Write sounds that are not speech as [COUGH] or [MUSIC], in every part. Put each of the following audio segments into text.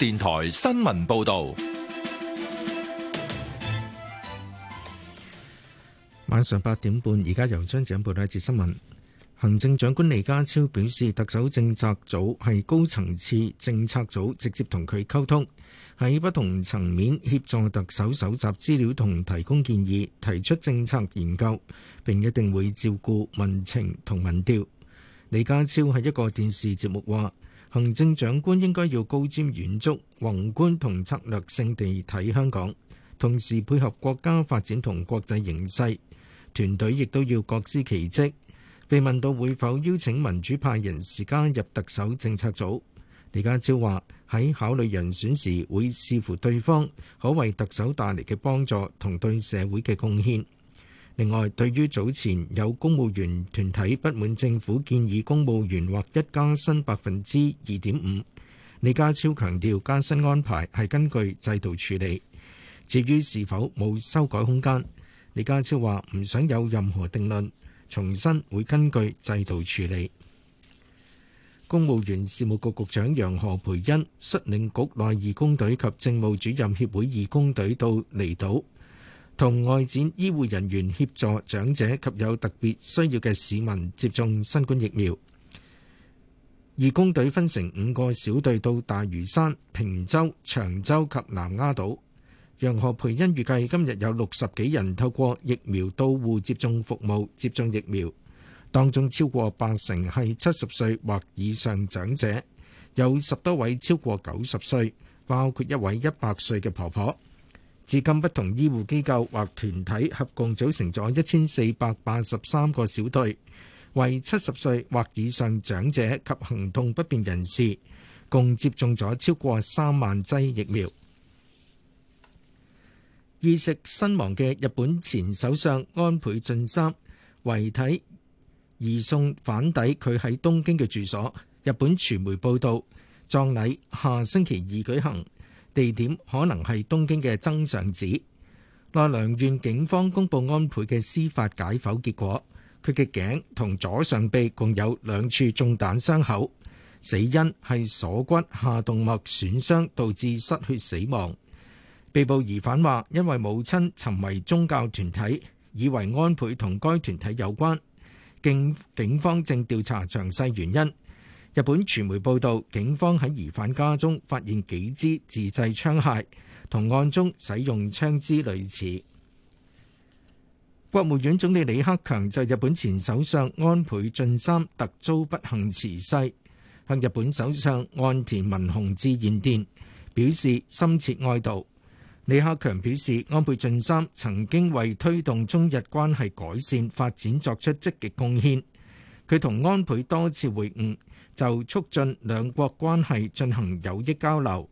電台新聞報道，晚上八點半，而家由張姐報道一節新聞。行政長官李家超表示，特首政策組係高層次政策組，直接同佢溝通，喺不同層面協助特首搜集資料同提供建議，提出政策研究，並一定會照顧民情同民調。李家超係一個電視節目話。行政長官應該要高瞻遠矚、宏觀同策略性地睇香港，同時配合國家發展同國際形勢。團隊亦都要各司其職。被問到會否邀請民主派人士加入特首政策組，李家超話喺考慮人選時會視乎對方可為特首帶嚟嘅幫助同對社會嘅貢獻。另外，對於早前有公務員團體不滿政府建議公務員劃一加薪百分之二點五，李家超強調加薪安排係根據制度處理。至於是否冇修改空間，李家超話唔想有任何定論，重申會根據制度處理。公務員事務局局長楊何蓓茵率領局內義工隊及政務主任協會義工隊到離島同外展醫護人員協助長者及有特別需要嘅市民接種新冠疫苗。義工隊分成五個小隊到大嶼山、坪洲、長洲及南丫島。楊何蓓茵預計今日有六十幾人透過疫苗到戶接種服務接種疫苗，當中超過八成係七十歲或以上長者，有十多位超過九十歲，包括一位一百歲嘅婆婆。至今，不同醫護機構或團體合共組成咗一千四百八十三個小隊，為七十歲或以上長者及行動不便人士，共接種咗超過三萬劑疫苗。遇刺身亡嘅日本前首相安倍晉三遺體移送返抵佢喺東京嘅住所。日本傳媒報道，葬禮下星期二舉行。地點可能係東京嘅增上寺。奈良縣警方公布安倍嘅司法解剖結果，佢嘅頸同左上臂共有兩處中彈傷口，死因係鎖骨下動脈損傷導致失血死亡。被捕疑犯話，因為母親沉迷宗教團體，以為安倍同該團體有關。警警方正調查詳細原因。日本傳媒報道，警方喺疑犯家中發現幾支自製槍械，同案中使用槍支類似。國務院總理李克強就日本前首相安倍晉三特遭不幸辭世，向日本首相岸田文雄致唁電，表示深切哀悼。李克強表示，安倍晉三曾經為推動中日關係改善發展作出積極貢獻，佢同安倍多次會晤。就促進兩國關係進行有益交流，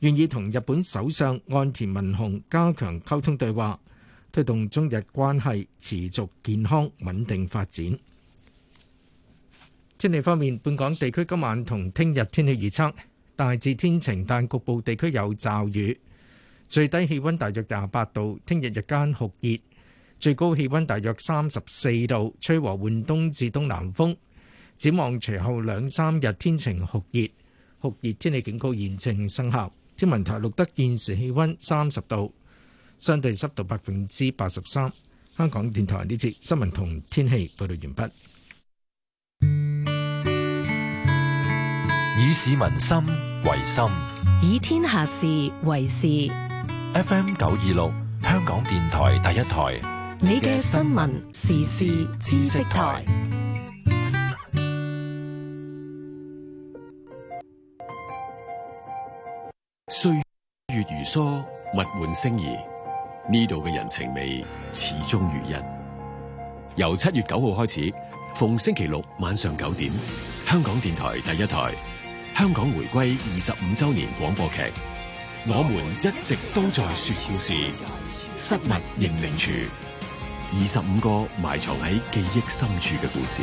願意同日本首相岸田文雄加強溝通對話，推動中日關係持續健康穩定發展。天氣方面，本港地區今晚同聽日天氣預測大致天晴，但局部地區有驟雨。最低氣溫大約廿八度，聽日日間酷熱，最高氣溫大約三十四度，吹和緩東至東南風。展望隨後兩三日天晴酷熱，酷熱天氣警告現正生效。天文台錄得現時氣溫三十度，相對濕度百分之八十三。香港電台呢節新聞同天氣報道完畢。以市民心為心，以天下事為事。FM 九二六，香港電台第一台，你嘅新聞時事知識台。歲月如梭，物換星移，呢度嘅人情味始終如一。由七月九號開始，逢星期六晚上九點，香港電台第一台《香港回歸二十五周年廣播劇》哇，我們一直都在說故事。失物認領處，二十五個埋藏喺記憶深處嘅故事。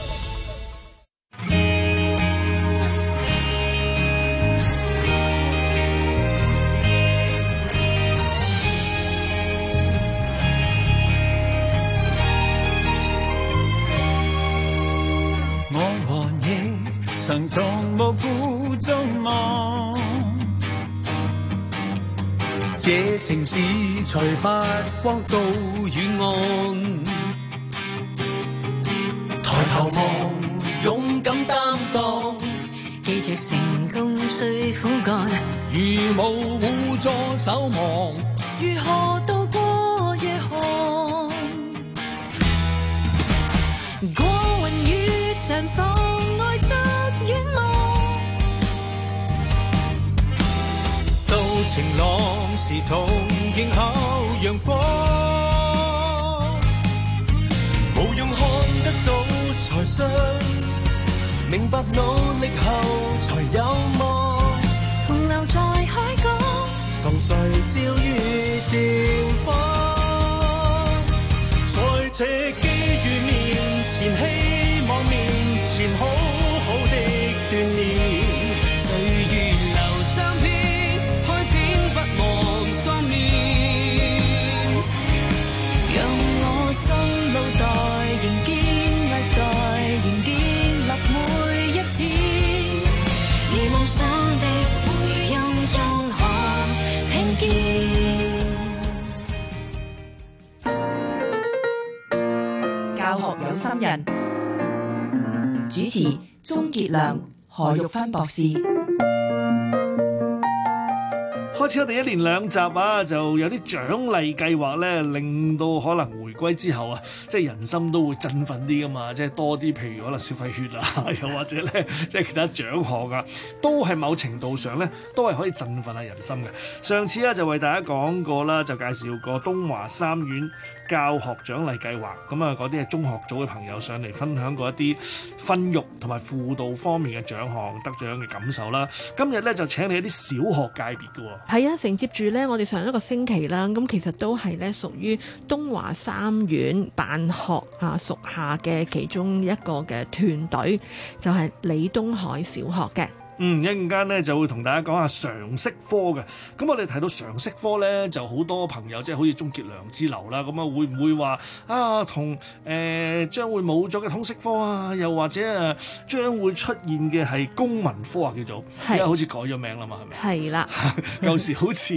能從無負眾望，這城市才發光到遠岸。抬頭望，勇敢擔當，記著成功需苦幹。如無互助守望，如何渡過夜寒？過雲雨上方。.晴朗是同迎候陽光，毋用看得到台上，明白努力後才有望，同留在海港，同在笑語。詞鍾杰亮，何玉芬博士，開始我哋一連兩集啊，就有啲獎勵計劃咧，令到可能回歸之後啊，即係人心都會振奮啲噶嘛，即係多啲，譬如可能消費血啊，又或者咧，即係其他獎項啊，都係某程度上咧，都係可以振奮下人心嘅。上次啊，就為大家講過啦，就介紹過東華三院。教學獎勵計劃，咁啊嗰啲係中學組嘅朋友上嚟分享過一啲分育同埋輔導方面嘅獎項得獎嘅感受啦。今日咧就請你一啲小學界別嘅喎。係啊，承接住咧，我哋上一個星期啦，咁其實都係咧屬於東華三院辦學啊，屬下嘅其中一個嘅團隊，就係李東海小學嘅。嗯，一陣間咧就會同大家講下常識科嘅。咁我哋提到常識科咧，就好多朋友即係、就是、好似鐘傑良之流啦。咁啊，呃、會唔會話啊，同誒將會冇咗嘅通識科啊，又或者誒將、啊、會出現嘅係公民科啊，叫做而家是好似改咗名啦嘛，係咪的？係啦 [LAUGHS] ，舊時 [LAUGHS] 好似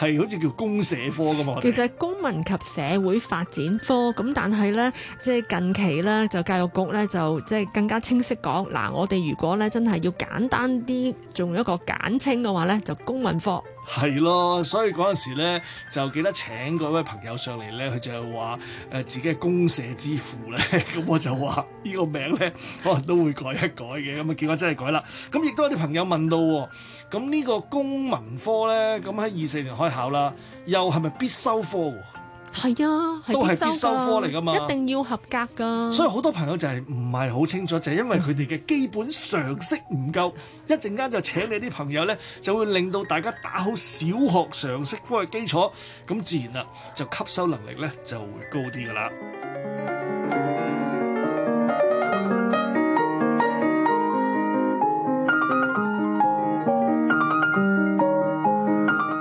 係好似叫公社科噶嘛。其實公民及社會發展科咁，但係咧即係近期咧，就教育局咧就即係更加清晰講嗱、呃，我哋如果咧真係要簡單。啲仲有一個簡稱嘅話咧，就公民科。係咯，所以嗰陣時咧，就記得請嗰位朋友上嚟咧，佢就係話誒自己係公社之父咧，咁 [LAUGHS] 我就話呢個名咧可能都會改一改嘅，咁啊結果真係改啦。咁亦都有啲朋友問到，咁呢個公民科咧，咁喺二四年開考啦，又係咪必修科？係啊，都係必修科嚟噶嘛，一定要合格噶。所以好多朋友就係唔係好清楚，就係、是、因為佢哋嘅基本常識唔夠， [LAUGHS] 一陣間就請你啲朋友咧，就會令到大家打好小學常識科嘅基礎，咁自然啦、啊，就吸收能力咧就會高啲噶啦。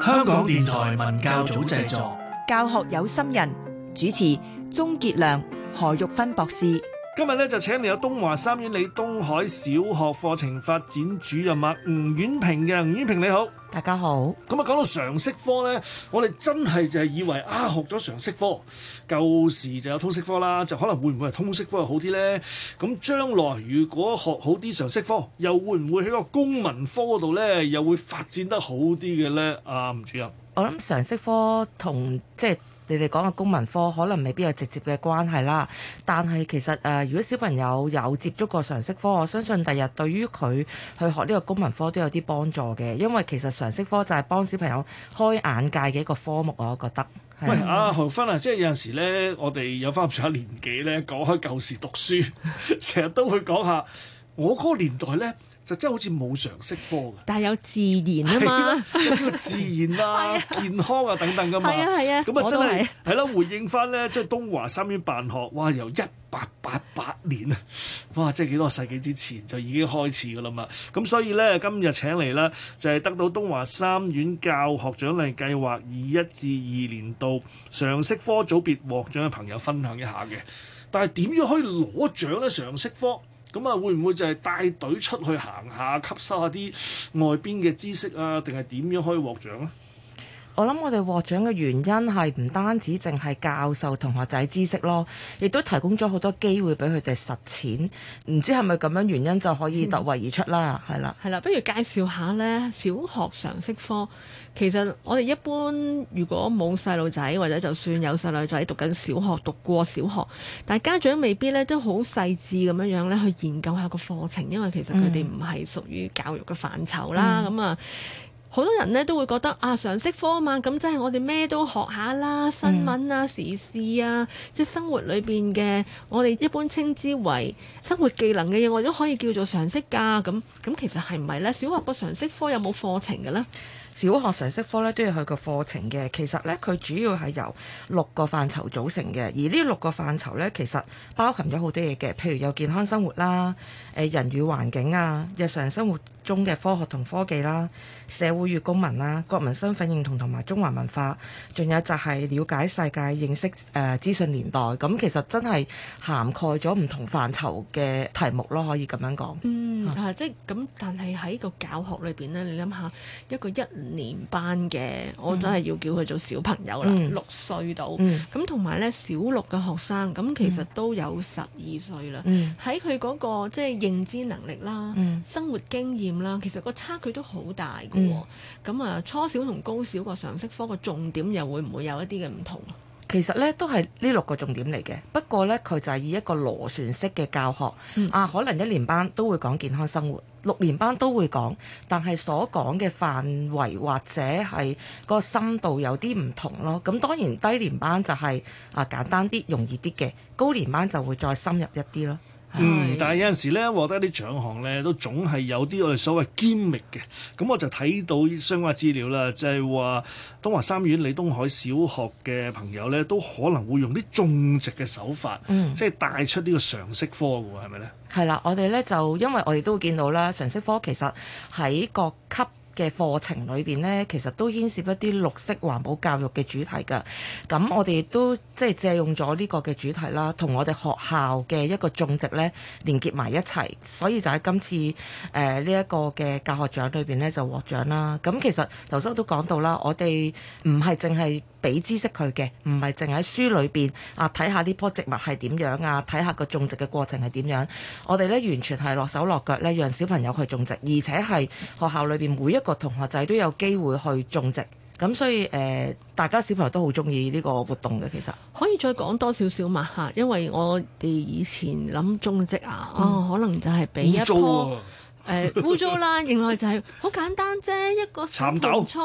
香港電台文教組製作。教學有心人主持鍾潔良、何玉芬博士，今日咧就請嚟有東華三院李東海小學課程發展主任啊，吳婉萍嘅，吳婉萍你好，大家好。咁啊，講到常識科咧，我哋真係就係以為啊，學咗常識科，舊時就有通識科啦，就可能會唔會係通識科又好啲咧？咁將來如果學好啲常識科，又會唔會喺個公民科嗰度咧，又會發展得好啲嘅咧？啊，吳主任。我諗常識科同即係你哋講嘅公民科可能未必有直接嘅關係啦，但係其實誒、呃，如果小朋友有接觸過常識科，我相信第日對於佢去學呢個公民科都有啲幫助嘅，因爲其實常識科就係幫小朋友開眼界嘅一個科目，我覺得。喂，阿是、啊、何芬啊，即係有陣時咧，我哋有翻咁上下年紀咧，講開舊時讀書，成 [LAUGHS] 日都會講下我嗰個年代咧。就真係好似冇常識科嘅，但係有自然啊嘛、 [LAUGHS] 啊，有呢個自然啊、 [LAUGHS] 啊健康啊等等噶嘛。係啊係啊，咁啊真係係咯，回應翻咧，即係東華三院辦學，哇，由一八八八年啊，哇，即係幾多世紀之前就已經開始噶啦嘛。咁所以咧，今日請嚟咧就係得到東華三院教學獎勵計劃二一至二年度常識科組別獲獎嘅朋友分享一下嘅。但係點樣可以攞獎咧？常識科？咁啊、嗯，會唔會就係帶隊出去行下，吸收下啲外邊嘅知識啊？定係點樣可以獲獎啊？我諗我哋獲獎嘅原因係唔單止淨係教授同學仔知識咯，亦都提供咗好多機會俾佢哋實踐。唔知係咪咁樣原因就可以突圍而出啦？係啦、嗯，係啦了，不如介紹下呢，小學常識科。其實我哋一般如果冇細路仔，或者就算有細路仔讀緊小學，讀過小學，但家長未必咧都好細緻咁樣樣咧去研究下個課程，因為其實佢哋唔係屬於教育嘅範疇啦。咁啊、嗯，好多人咧都會覺得啊，常識科啊嘛，咁即係我哋咩都學下啦，新聞啊、時事啊，嗯、即係生活裏邊嘅我哋一般稱之為生活技能嘅嘢，我哋都可以叫做常識㗎。咁咁其實係唔係咧？小學個常識科有冇課程嘅咧？小學常識科咧都有個課程嘅，其實咧佢主要係由六個範疇組成嘅，而呢六個範疇咧其實包含咗好多嘢嘅，譬如有健康生活啦。人與環境啊，日常生活中嘅科學同科技啦、啊，社會與公民啦、啊，國民身份認同同埋中華文化，仲有就係了解世界、認識誒資訊年代。咁其實真係涵蓋咗唔同範疇嘅題目咯，可以咁樣講。嗯，即咁，但係喺個教學裏邊呢，你諗下一個一年班嘅，我真係要叫佢做小朋友啦，六歲到。嗯。咁同埋呢，小六嘅學生，咁、嗯嗯、其實都有十二歲啦。喺佢嗰個即係。就是認知能力啦，生活經驗啦，其實個差距都好大嘅。咁啊、嗯，初小同高小個常識科個重點又會唔會有一啲嘅唔同？其實咧都係呢六個重點嚟嘅，不過咧佢就係以一個螺旋式嘅教學、嗯、啊，可能一年班都會講健康生活，六年班都會講，但係所講嘅範圍或者係個深度有啲唔同咯。咁當然低年班就係、是、啊簡單啲、容易啲嘅，高年班就會再深入一啲咯。是嗯，但係有陣時咧獲得啲獎項咧，都總係有啲我哋所謂 gimmick 嘅。咁我就睇到相關資料啦，就係、是、話東華三院李東海小學嘅朋友咧，都可能會用啲種植嘅手法，嗯、即係帶出呢個常識科嘅喎，係咪咧？係啦，我哋咧就因為我哋都見到啦，常識科其實喺各級嘅課程裏邊呢，其實都牽涉一啲綠色環保教育嘅主題㗎。咁我哋都即係借用咗呢個嘅主題啦，同我哋學校嘅一個種植呢連結埋一齊。所以就喺今次誒呢一個嘅教學獎裏邊呢，就獲獎啦。咁其實頭先都講到啦，我哋唔係淨係。俾知識佢嘅，唔係淨喺書裏邊啊，睇下呢棵植物係點樣啊，睇下個種植嘅過程係點樣。我哋呢完全係落手落腳呢，讓小朋友去種植，而且係學校裏邊每一個同學仔都有機會去種植。咁所以誒、呃，大家小朋友都好中意呢個活動嘅，其實可以再講多少少嘛嚇，因為我哋以前諗種植啊，啊、哦嗯、可能就係俾一誒污糟啦，另外就係好簡單啫，一個蠶豆菜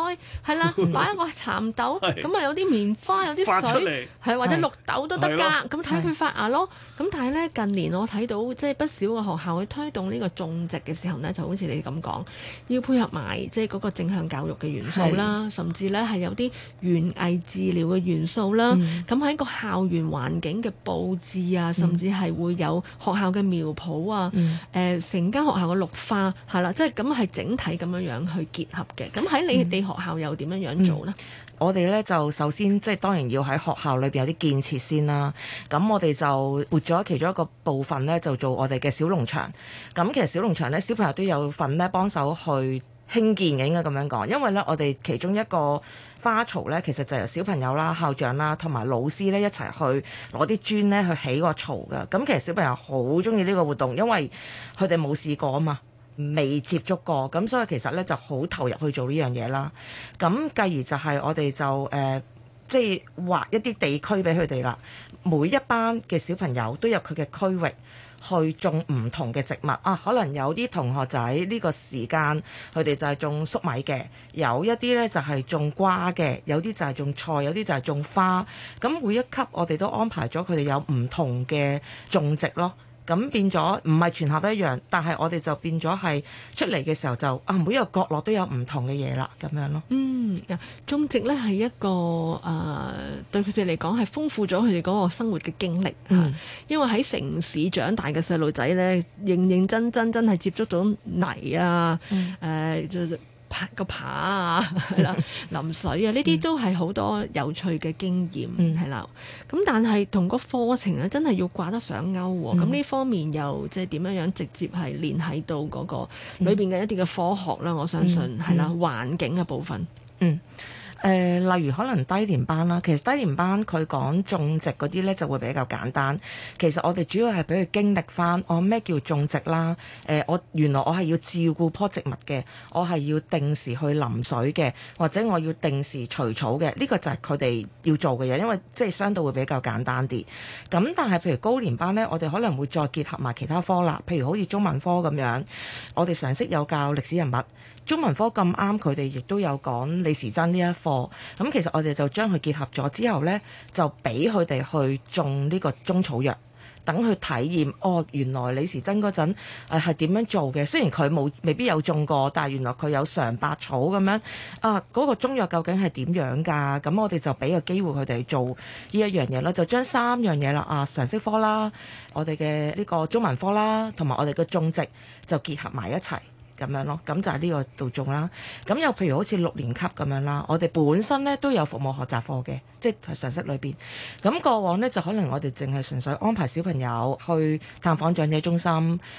係啦，擺一個蠶豆，咁啊 [LAUGHS] 是有啲棉花，有啲水，係或者綠豆都得㗎，咁睇佢發芽咯。咁是但係咧近年我睇到即係、就是、不少個學校去推動呢個種植嘅時候呢，就好似你咁講，要配合埋即係嗰個正向教育嘅元素啦，是甚至咧係有啲園藝治療嘅元素啦。咁喺個校園環境嘅佈置啊，甚至係會有學校嘅苗圃啊，誒成間學校嘅綠化。啊，係啦，即係咁係整體咁樣樣去結合嘅。咁喺你哋學校又點樣樣做呢？嗯嗯、我哋呢就首先即係當然要喺學校裏邊有啲建設先啦。咁我哋就撥咗其中一個部分呢，就做我哋嘅小農場。咁其實小農場呢，小朋友都有份呢幫手去興建嘅，應該咁樣講。因為呢，我哋其中一個花槽呢，其實就由小朋友啦、校長啦同埋老師呢一齊去攞啲磚呢去起個槽㗎。咁其實小朋友好中意呢個活動，因為佢哋冇試過啊嘛。未接觸過，咁所以其實咧就好投入去做呢樣嘢啦。咁繼而就係我哋就誒，即係劃一啲地區俾佢哋啦。每一班嘅小朋友都有佢嘅區域去種唔同嘅植物啊。可能有啲同學仔呢個時間佢哋就係種粟米嘅，有一啲咧就係種瓜嘅，有啲就係種菜，有啲就係種花。咁每一級我哋都安排咗佢哋有唔同嘅種植咯。咁變咗唔係全校都一樣，但係我哋就變咗係出嚟嘅時候就啊，每一個角落都有唔同嘅嘢啦，咁樣咯。嗯，種植呢係一個誒、呃，對佢哋嚟講係豐富咗佢哋嗰個生活嘅經歷、嗯、因為喺城市長大嘅細路仔呢，認認真真真係接觸到泥啊，誒、嗯。呃爬個扒啊，係啦，淋水啊，呢啲都係好多有趣嘅經驗，嗯，係啦。咁但係同個課程咧，真係要掛得上勾喎、啊。咁呢、嗯、方面又即係點樣樣直接係聯繫到嗰個裏邊嘅一啲嘅科學啦。嗯、我相信係、嗯、啦，環境嘅部分，嗯。誒，例如可能低年班啦，其實低年班佢講種植嗰啲咧就會比較簡單，其實我哋主要係畀佢經歷翻，我咩叫種植啦？誒、呃，我原來我係要照顧棵植物嘅，我係要定時去淋水嘅，或者我要定時除草嘅。呢、這個就係佢哋要做嘅嘢，因為即係相對會比較簡單啲。咁但係譬如高年班咧，我哋可能會再結合埋其他科啦，譬如好似中文科咁樣，我哋常識有教歷史人物，中文科咁啱佢哋亦都有講李時珍呢一科。咁其實我哋就將佢結合咗之後呢，就俾佢哋去種呢個中草藥，等佢體驗哦。原來李時珍嗰陣係點樣做嘅？雖然佢冇未必有種過，但係原來佢有嘗百草咁樣。啊，嗰個中藥究竟係點樣噶？咁我哋就俾個機會佢哋做呢一樣嘢啦，就將三樣嘢啦啊，常識科啦，我哋嘅呢個中文科啦，同埋我哋嘅種植就結合埋一齊。咁樣咯，咁就係呢個度種啦。咁又譬如好似六年級咁樣啦，我哋本身咧都有服務學習課嘅，即係常識裏邊。咁過往呢，就可能我哋淨係純粹安排小朋友去探訪長者中心。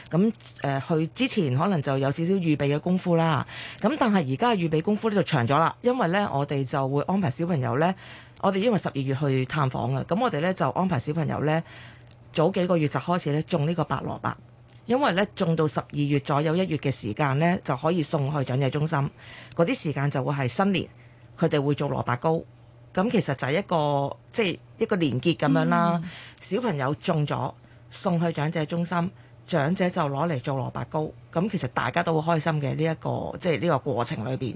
咁誒，去、呃、之前可能就有少少預備嘅功夫啦。咁但係而家預備功夫呢就長咗啦，因為呢，我哋就會安排小朋友呢。我哋因為十二月去探訪啊，咁我哋呢就安排小朋友呢，早幾個月就開始呢種呢個白蘿蔔。因為咧種到十二月左右一月嘅時間咧，就可以送去長者中心。嗰啲時間就會係新年，佢哋會做蘿蔔糕。咁其實就係一個即係、即係、一個連結咁樣啦。嗯、小朋友種咗送去長者中心，長者就攞嚟做蘿蔔糕。咁其實大家都會開心嘅呢一個即係呢個過程裏邊。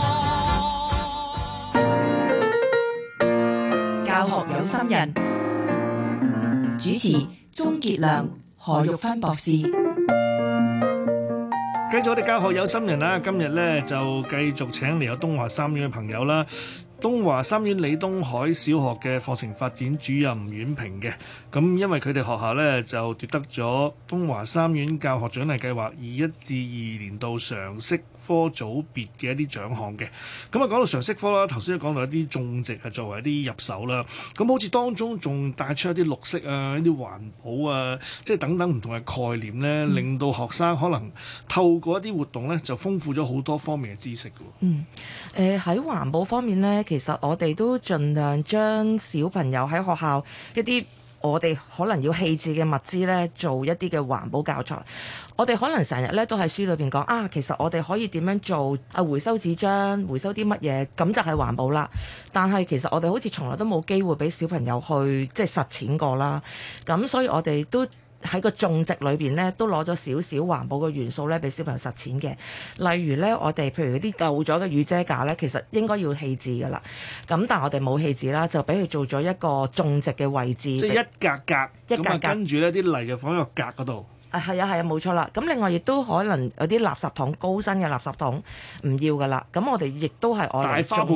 有心人主持鍾杰良、何玉芬博士，繼續我哋教學有心人啦。今日咧，就繼續請嚟有東華三院嘅朋友啦。東華三院李東海小學嘅課程發展主任吳婉萍嘅。咁，因為佢哋學校咧，就奪得咗東華三院教學獎勵計劃二一至二年度常識。科組別嘅一啲獎項嘅，咁啊講到常識科啦，頭先都講到一啲種植啊作為一啲入手啦，咁好似當中仲帶出一啲綠色啊、一啲環保啊，即係等等唔同嘅概念咧，令到學生可能透過一啲活動咧，就豐富咗好多方面嘅知識嘅喎。嗯，誒、呃、喺環保方面咧，其實我哋都盡量將小朋友喺學校一啲。我哋可能要棄置嘅物資呢，做一啲嘅環保教材。我哋可能成日呢都喺書裏邊講啊，其實我哋可以點樣做啊回收紙張，回收啲乜嘢，咁就係環保啦。但係其實我哋好似從來都冇機會俾小朋友去即係實踐過啦。咁所以我哋都。喺個種植裏邊咧，都攞咗少少環保嘅元素咧，俾小朋友實踐嘅。例如咧，我哋譬如嗰啲舊咗嘅雨遮架咧，其實應該要棄置噶啦。咁但係我哋冇棄置啦，就俾佢做咗一個種植嘅位置。即係一格格一格格。咁啊，跟住咧，啲泥就放喺個格嗰度。啊，係啊，係啊，冇錯啦。咁另外亦都可能有啲垃圾桶，高身嘅垃圾桶唔要噶啦。咁我哋亦都係我嚟大翻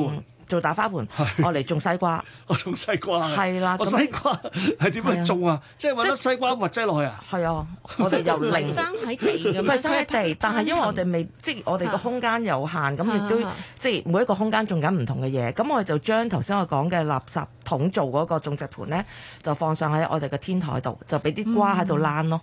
做大花盆，我嚟種西瓜。我種西瓜。係啦，我西瓜係點樣種啊？即係揾西瓜核擠落去啊？係啊，我哋又零，生喺地咁樣。唔係生喺地，但係因為我哋未，即係我哋個空間有限，咁亦都即係每一個空間種緊唔同嘅嘢。咁我哋就將頭先我講嘅垃圾桶做嗰個種植盤咧，就放上喺我哋嘅天台度，就俾啲瓜喺度攣咯。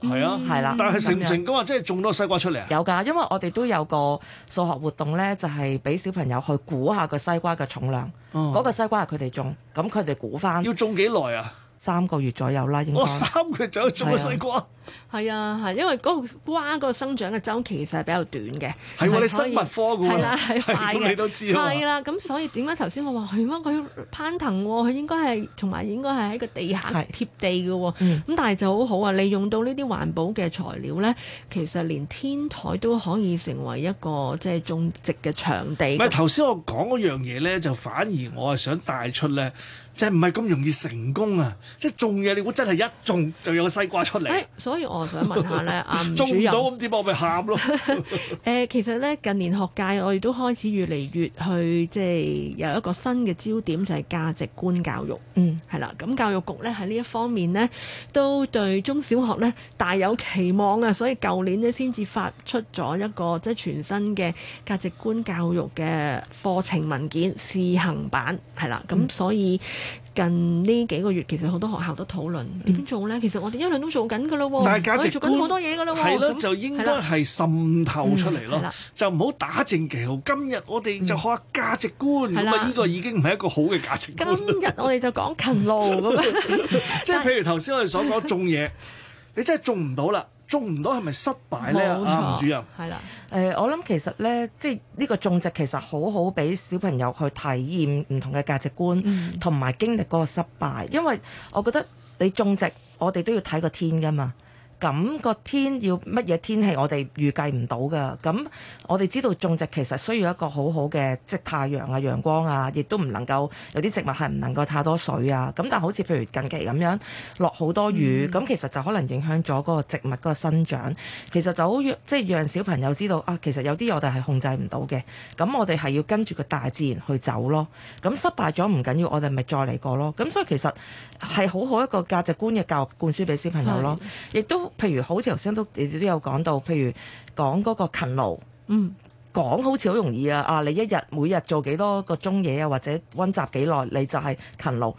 係啊，係啦、嗯，但係成唔成咁啊？嗯、即係種多西瓜出嚟啊？有噶，因為我哋都有個數學活動咧，就係俾小朋友去估下西、嗯、個西瓜嘅重量。嗰個西瓜係佢哋種，咁佢哋估返。要種幾耐啊？三個月左右啦，應該、哦。三個月左右種個西瓜。係啊，係、啊啊、因為嗰瓜嗰個生長嘅周期其實係比較短嘅。係我哋生物科嘅。係啦、啊，係、啊、你都知啦。係啦、啊，咁所以點解頭先我話，點解佢攀藤喎、哦？佢應該係同埋應該係喺個地下貼地嘅喎、哦。咁是、嗯、但係就好好啊，利用到呢啲環保嘅材料咧，其實連天台都可以成為一個即係種植嘅場地。唔係頭先我講嗰樣嘢咧，就反而我係想帶出咧，即係唔係咁容易成功啊？即係種嘢，你估真係一種就有個西瓜出嚟、欸？所以我想問下呢阿吳主任，種唔到咁點啊？我咪喊咯！誒、 [LAUGHS] 呃，其實呢，近年學界我哋都開始越嚟越去即係、就是、有一個新嘅焦點，就係、是、價值觀教育。嗯，係啦。咁教育局呢喺呢一方面呢，都對中小學呢大有期望啊！所以舊年呢，先至發出咗一個即係、就是、全新嘅價值觀教育嘅課程文件試行版，係啦。咁所以。嗯近呢幾個月其實好多學校都討論點、嗯、做咧，其實我哋一路都做緊噶咯，但係價值做緊好多嘢噶咯，係咯了，那就應該係滲透出嚟咯，了就唔好打正旗號。今日我哋就學價值觀，咁啊呢個已經唔係一個好嘅價值觀、嗯。今日我哋就講勤勞， [LAUGHS] [LAUGHS] [LAUGHS] 即係譬如頭先我哋所講種嘢， [LAUGHS] 你真係種唔到啦。種唔到係咪失敗咧？錯啊，陳主任係啦。誒的、呃，我諗其實咧，即係呢個種植其實好好俾小朋友去體驗唔同嘅價值觀，同埋、嗯、經歷嗰個失敗。因為我覺得你種植，我哋都要睇個天㗎嘛。咁個天要乜嘢天氣，我哋預計唔到㗎。咁我哋知道種植其實需要一個好好嘅即係太陽啊、陽光啊，亦都唔能夠有啲植物係唔能夠太多水啊。咁但係好似譬如近期咁樣落好多雨，咁其實就可能影響咗嗰個植物嗰個生長。其實就好即係讓小朋友知道啊，其實有啲我哋係控制唔到嘅。咁我哋係要跟住個大自然去走咯。咁失敗咗唔緊要，我哋咪再嚟過咯。咁所以其實係好好一個價值觀嘅教育灌輸俾小朋友咯，亦都。譬如好似頭先都亦都有講到，譬如講嗰個勤勞，嗯，講好似好容易啊！啊，你一日每日做幾多個鐘嘢啊，或者温習幾耐，你就係勤勞。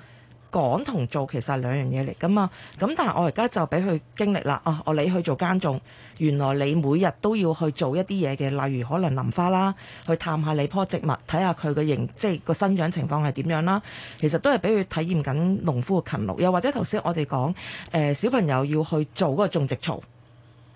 講同做其實係兩樣嘢嚟噶嘛，咁但係我而家就俾佢經歷啦。哦、啊，我嚟去做耕種，原來你每日都要去做一啲嘢嘅，例如可能淋花啦，去探下你棵植物，睇下佢嘅形，即係個生長情況係點樣啦。其實都係俾佢體驗緊農夫嘅勤勞。又或者頭先我哋講，誒、呃、小朋友要去做嗰個種植槽，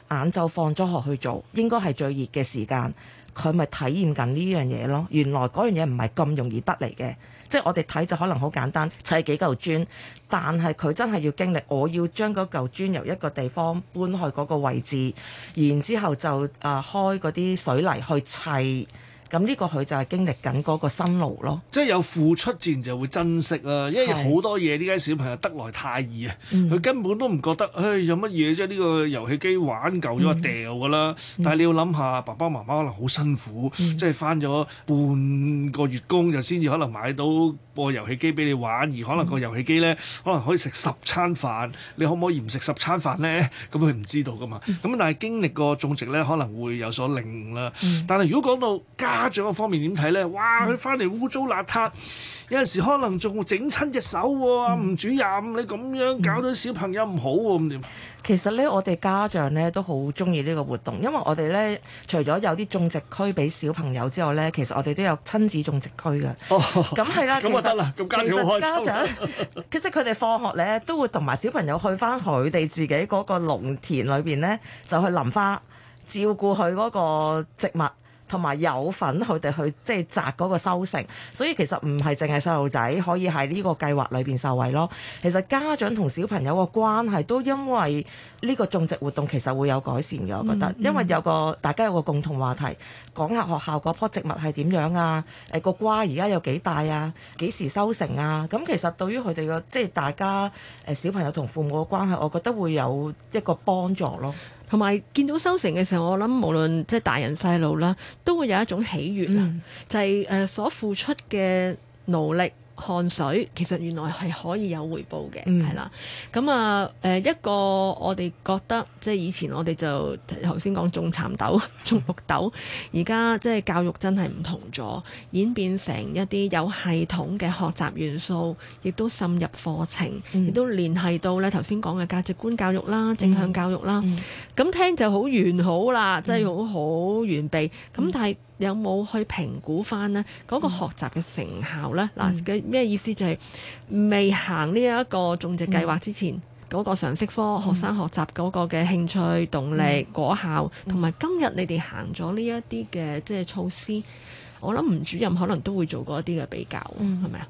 晏晝放咗學去做，應該係最熱嘅時間，佢咪體驗緊呢樣嘢咯。原來嗰樣嘢唔係咁容易得嚟嘅。即係我哋睇就可能好簡單，砌幾嚿磚，但係佢真係要經歷，我要將嗰嚿磚由一個地方搬去嗰個位置，然之後就啊開嗰啲水泥去砌。咁呢個佢就係經歷緊嗰個辛勞咯，即係有付出自然就會珍惜啦、啊。因為好多嘢呢家小朋友得來太易啊，佢、嗯、根本都唔覺得，唉、哎，有乜嘢啫？呢、這個遊戲機玩夠咗掉㗎啦。嗯、但係你要諗下，爸爸媽媽可能好辛苦，嗯、即係翻咗半個月工就先至可能買到。播遊戲機俾你玩，而可能個遊戲機呢，可能可以食十餐飯。你可唔可以唔食十餐飯呢？咁佢唔知道噶嘛。咁、嗯、但係經歷過種植呢，可能會有所領悟啦。嗯、但係如果講到家長方面點睇呢？哇！佢翻嚟污糟邋遢。有陣時可能仲整親隻手喎。啊，吳主任，你咁樣搞到小朋友唔好喎。啊，咁點，嗯？麼其實呢，我哋家長呢都好中意呢個活動，因為我哋呢，除咗有啲種植區俾小朋友之外呢，其實我哋都有親子種植區嘅。哦，咁係啦，咁就得啦，咁家，家長，即係佢哋放學呢，都會同埋小朋友去翻佢哋自己嗰個農田裏邊呢，就去淋花照顧佢嗰個植物。同埋有份佢哋去，即係摘嗰個收成，所以其實唔係淨係細路仔可以喺呢個計劃裏邊受惠咯。其實家長同小朋友個關係都因為。呢個種植活動其實會有改善嘅，我覺得，嗯、因為有個大家有個共同話題，講下學校嗰棵植物係點樣啊？誒、呃、個瓜而家有幾大啊？幾時收成啊？咁、嗯嗯、其實對於佢哋個即係大家誒、呃、小朋友同父母嘅關係，我覺得會有一個幫助咯。同埋見到收成嘅時候，我諗無論即係大人細路啦，都會有一種喜悅啊！嗯、就係、是、誒、呃、所付出嘅努力。汗水其實原來係可以有回報嘅，係啦、嗯。咁啊，誒、呃、一個我哋覺得即係以前我哋就頭先講種蠶豆、種綠豆，而家、嗯、即係教育真係唔同咗，演變成一啲有系統嘅學習元素，亦都滲入課程，亦、嗯、都連繫到咧頭先講嘅價值觀教育啦、正向教育啦。咁、嗯嗯、聽就好完好啦，即係好好完備。咁、嗯、但係。有冇去評估翻咧嗰個學習嘅成效呢？嗱咩、嗯啊、意思就係、是、未行呢一個種植計劃之前嗰、嗯、個常識科學生學習嗰個嘅興趣動力、嗯、果效，同埋、嗯、今日你哋行咗呢一啲嘅即係措施，我諗吳主任可能都會做過一啲嘅比較，係咪啊？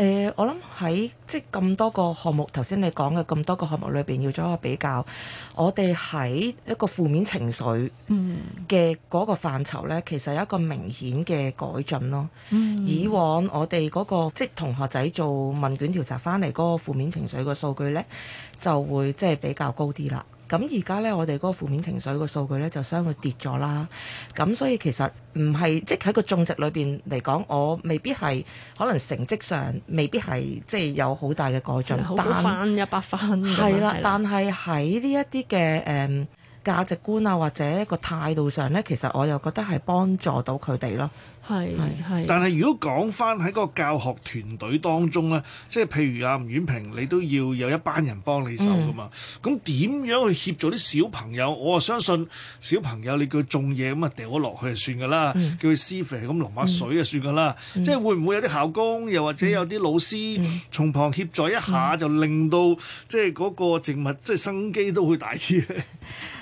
誒、呃，我諗喺即係咁多個項目，頭先你講嘅咁多個項目裏邊，要做一個比較。我哋喺一個負面情緒嘅嗰個範疇咧，其實有一個明顯嘅改進咯。嗯、以往我哋嗰、嗰個即係同學仔做問卷調查翻嚟嗰個負面情緒嘅數據呢，就會即係比較高啲啦。咁而家呢，我哋嗰個負面情緒個數據呢，就相對跌咗啦。咁所以其實唔係即喺個種植裏邊嚟講，我未必係可能成績上未必係即係有好大嘅改進，但一百分係啦。但係喺呢一啲嘅誒價值觀啊，或者個態度上呢，其實我又覺得係幫助到佢哋咯。係係係。但係如果講翻喺嗰個教學團隊當中咧，即係譬如阿、啊、吳婉萍，你都要有一班人幫你手噶嘛。咁點、嗯、樣去協助啲小朋友？我相信小朋友，你叫佢種嘢咁啊，掉咗落去就算噶啦。嗯、叫佢施肥咁淋下水就算噶啦。嗯、即係會唔會有啲校工，又或者有啲老師、嗯、從旁協助一下，嗯、就令到即係嗰個植物即係生機都會大啲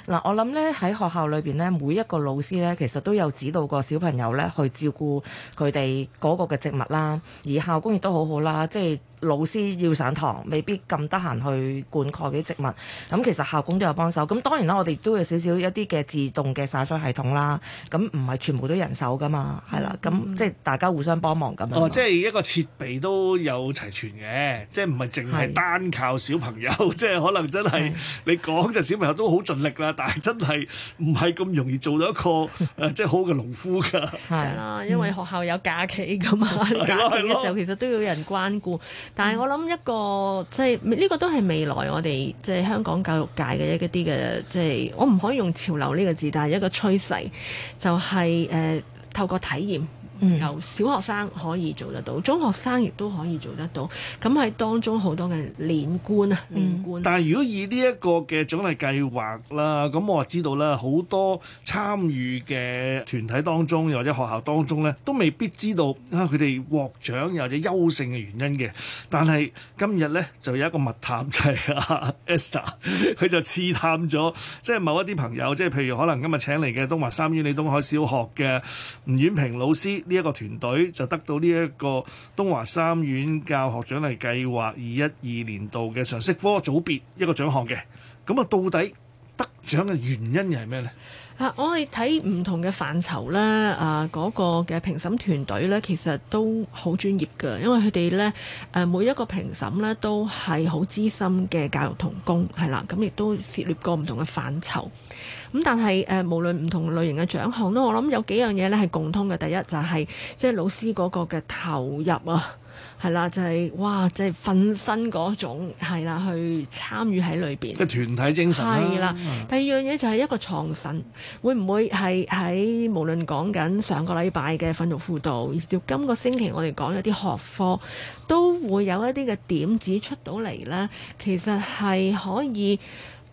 嗱、嗯，我諗呢喺學校裏邊呢，每一個老師呢，其實都有指導過小朋友呢去照顧佢哋嗰個嘅植物啦，而校工亦都好好啦，即係。老師要上堂，未必咁得閒去灌溉啲植物。咁其實校工都有幫手。咁當然啦，我哋都有少少一啲嘅自動嘅灑水系統啦。咁唔係全部都人手㗎嘛，係啦。咁即係大家互相幫忙咁樣。嗯、哦，即係一個設備都有齊全嘅，即係唔係淨係單靠小朋友。是即係可能真係是你講就小朋友都好盡力啦，但係真係唔係咁容易做到一個即係好嘅農夫㗎。係啦，因為學校有假期㗎嘛，假期嘅時候其實都要有人關顧。但係我諗一個即係呢個都係未來我哋即係香港教育界嘅一啲嘅，即係我唔可以用潮流呢個字，但係一個趨勢就係誒透過體驗。嗯、由小學生可以做得到，中學生亦都可以做得到。咁喺當中好多嘅連貫啊，連貫、嗯。但係如果以呢一個嘅獎勵計劃啦，咁我係知道啦，好多參與嘅團體當中，又或者學校當中咧，都未必知道啊佢哋獲獎又或者優勝嘅原因嘅。但係今日咧就有一個密探就係、是、啊 Esther，佢就刺探咗即係某一啲朋友，即係譬如可能今日請嚟嘅東華三院李東海小學嘅吳婉萍老師。呢一個團隊就得到呢一個東華三院教學獎勵計劃二一二年度嘅常識科組別一個獎項嘅，咁啊到底得獎嘅原因又係咩呢？啊！我哋睇唔同嘅範疇咧，啊嗰、嗰個嘅評審團隊咧，其實都好專業嘅，因為佢哋咧，誒、啊、每一個評審咧都係好資深嘅教育同工，係啦，咁亦都涉獵過唔同嘅範疇。咁但係誒、啊，無論唔同類型嘅獎項咧，我諗有幾樣嘢咧係共通嘅。第一就係即係老師嗰個嘅投入啊。係啦，就係、是、哇，就係、是、瞓身嗰種係啦，去參與喺裏邊嘅團體精神啦、啊。係啦，第二樣嘢就係一個創新，會唔會係喺無論講緊上個禮拜嘅訓育輔導，而到今個星期我哋講一啲學科，都會有一啲嘅點子出到嚟咧？其實係可以。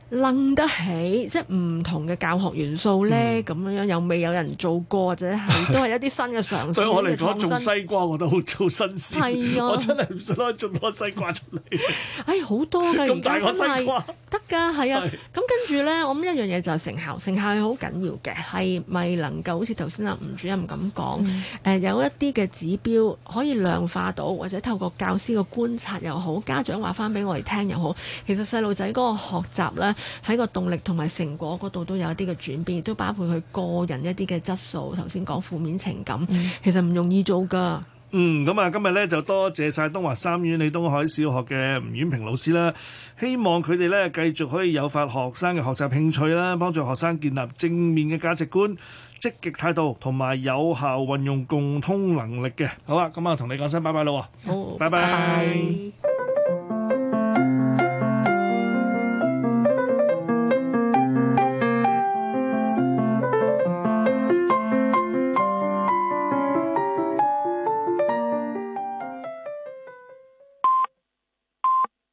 楞得起，即係唔同嘅教學元素咧，咁、嗯、樣樣又未有人做過，或者係是都係一啲新嘅嘗試。所以我嚟講，種西瓜我都好做新鮮，啊、我真係唔想攞種多西瓜出嚟。哎，好多㗎，而家真係得㗎，係啊。咁跟住咧，我諗一樣嘢就係成效，成效係好緊要嘅，係咪能夠好似頭先啊吳主任咁講，誒、嗯呃、有一啲嘅指標可以量化到，或者透過教師嘅觀察又好，家長話翻俾我哋聽又好，其實細路仔嗰個學習咧。喺個動力同埋成果嗰度都有一啲嘅轉變，亦都包括佢個人一啲嘅質素。頭先講負面情感，其實唔容易做噶。嗯，咁啊，今日咧就多謝晒東華三院李東海小學嘅吳婉萍老師啦。希望佢哋咧繼續可以誘發學生嘅學習興趣啦，幫助學生建立正面嘅價值觀、積極態度同埋有效運用共通能力嘅。好啦，咁啊，同你講聲拜拜咯，好，拜拜。